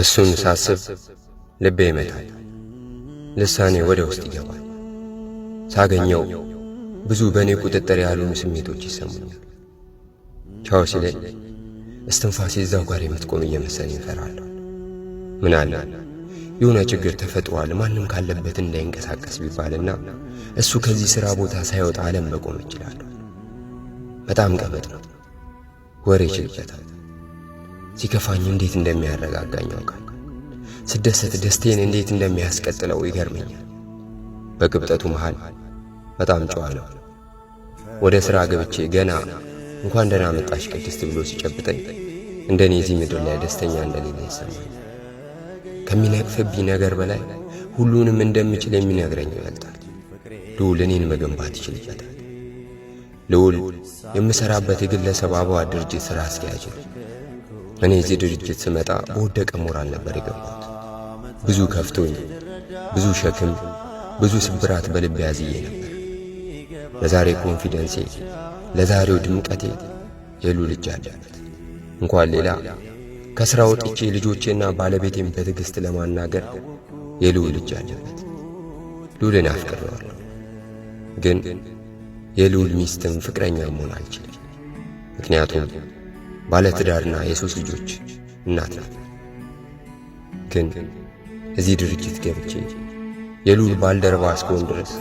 እሱን ሳስብ ልቤ ይመታል፣ ልሳኔ ወደ ውስጥ ይገባል። ሳገኘው ብዙ በእኔ ቁጥጥር ያሉ ስሜቶች ይሰሙኛል። ቻው ሲለኝ እስትንፋሴ እዛው ጋር የምትቆም እየመሰለኝ እፈራለሁ። ምናለ የሆነ ችግር ተፈጥሯል ማንም ካለበት እንዳይንቀሳቀስ ቢባልና እሱ ከዚህ ሥራ ቦታ ሳይወጣ አለም መቆም ይችላል። በጣም ቀበጥ ነው፣ ወሬ ይችልበታል። ሲከፋኝ እንዴት እንደሚያረጋጋኝ ያውቃል። ስደሰት ደስቴን እንዴት እንደሚያስቀጥለው ይገርመኛል። በቅብጠቱ መሃል በጣም ጨዋ ነው። ወደ ሥራ ገብቼ ገና እንኳን ደህና መጣሽ ቅድስት ብሎ ሲጨብጠኝ እንደ እኔ እዚህ ምድር ላይ ደስተኛ እንደሌለ ይሰማኛል። ከሚነቅፍብኝ ነገር በላይ ሁሉንም እንደምችል የሚነግረኝ ይበልጣል። ልዑል እኔን መገንባት ይችልበታል። ልዑል የምሠራበት የግለሰብ አበዋ ድርጅት ሥራ አስኪያጅ ነው። እኔ እዚህ ድርጅት ስመጣ በወደቀ ሞራል ነበር የገባሁት። ብዙ ከፍቶኝ፣ ብዙ ሸክም፣ ብዙ ስብራት በልብ ያዝዬ ነበር። ለዛሬ ኮንፊደንሴ፣ ለዛሬው ድምቀቴ የሉ ልጅ አለበት እንኳን ሌላ ከሥራ ወጥቼ ልጆቼና ባለቤቴን በትዕግሥት ለማናገር የሉ ልጅ አለበት። ሉልን አፍቅሬዋለሁ፣ ግን የሉል ሚስትን ፍቅረኛ መሆን አልችልም። ምክንያቱም ባለትዳርና የሶስት ልጆች እናት ናት። ግን እዚህ ድርጅት ገብቼ የሉል ባልደረባ እስከሆን ድረስ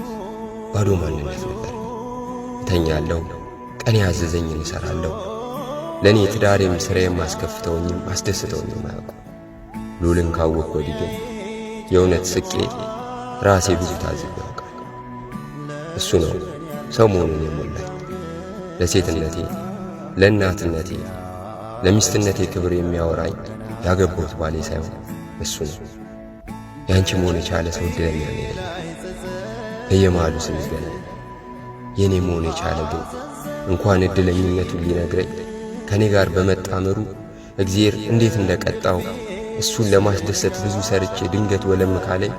ባዶ ማንነት ነበር። እተኛለሁ፣ ቀን ያዘዘኝን እሠራለሁ። ለእኔ ትዳር የምሥራ የማስከፍተውኝም አስደስተውኝም አያውቁ። ሉልን ካወቅ ወዲህ ግን የእውነት ስቄ ራሴ ብዙ ታዝብ ያውቃል። እሱ ነው ሰው መሆኑን የሞላኝ ለሴትነቴ ለእናትነቴ ለሚስትነቴ ክብር የሚያወራኝ ያገባሁት ባሌ ሳይሆን እሱ ነው። ያንቺ መሆን የቻለ ሰው እድለኛ ነው ያለ በየመሃሉ ስንገናኝ የእኔ መሆን የቻለ ግን እንኳን እድለኝነቱን ሊነግረኝ ከእኔ ጋር በመጣመሩ እግዚአብሔር እንዴት እንደቀጣው እሱን ለማስደሰት ብዙ ሰርቼ ድንገት ወለም ካለኝ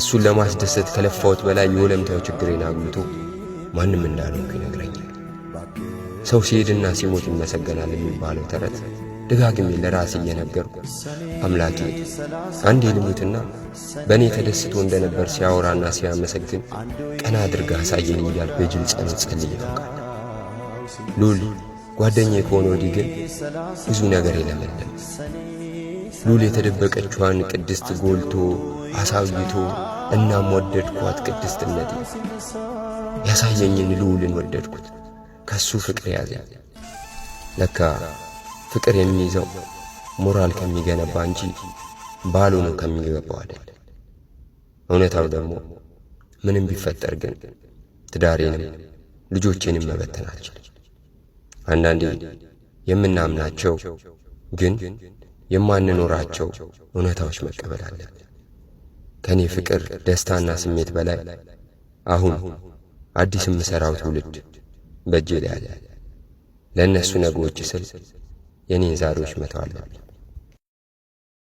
እሱን ለማስደሰት ከለፋሁት በላይ የወለምታዊ ችግሬን አጉልቶ ማንም እንዳለው ይነግረኛል። ሰው ሲሄድና ሲሞት ይመሰገናል የሚባለው ተረት ደጋግሜ ለራሴ እየነገርኩ አምላኬ አንድ ልሙትና በእኔ ተደስቶ እንደነበር ሲያወራና ሲያመሰግን ቀና አድርጋ አሳየኝ እያልኩ የጅል ጸሎት ጸልዬ ያውቃል። ሉል ጓደኛ ከሆነ ወዲህ ግን ብዙ ነገር የለመለም። ሉል የተደበቀችዋን ቅድስት ጎልቶ አሳይቶ እናም ወደድኳት። ቅድስትነቴ ያሳየኝን ልዑልን ወደድኩት። ከሱ ፍቅር ያዘኝ። ለካ ፍቅር የሚይዘው ሞራል ከሚገነባ እንጂ ነው ከሚገባው አይደል። እውነታው ደግሞ ምንም ቢፈጠር ግን ትዳሬንም ልጆቼንም መበተናቸው። አንዳንዴ የምናምናቸው ግን የማንኖራቸው እውነታዎች መቀበል አለብን። ከእኔ ፍቅር ደስታና ስሜት በላይ አሁን አዲስ የምሠራው ትውልድ በእጅ ያለ ለእነሱ ነገዎች ስል የኔን ዛሬዎች መተው አለብኝ።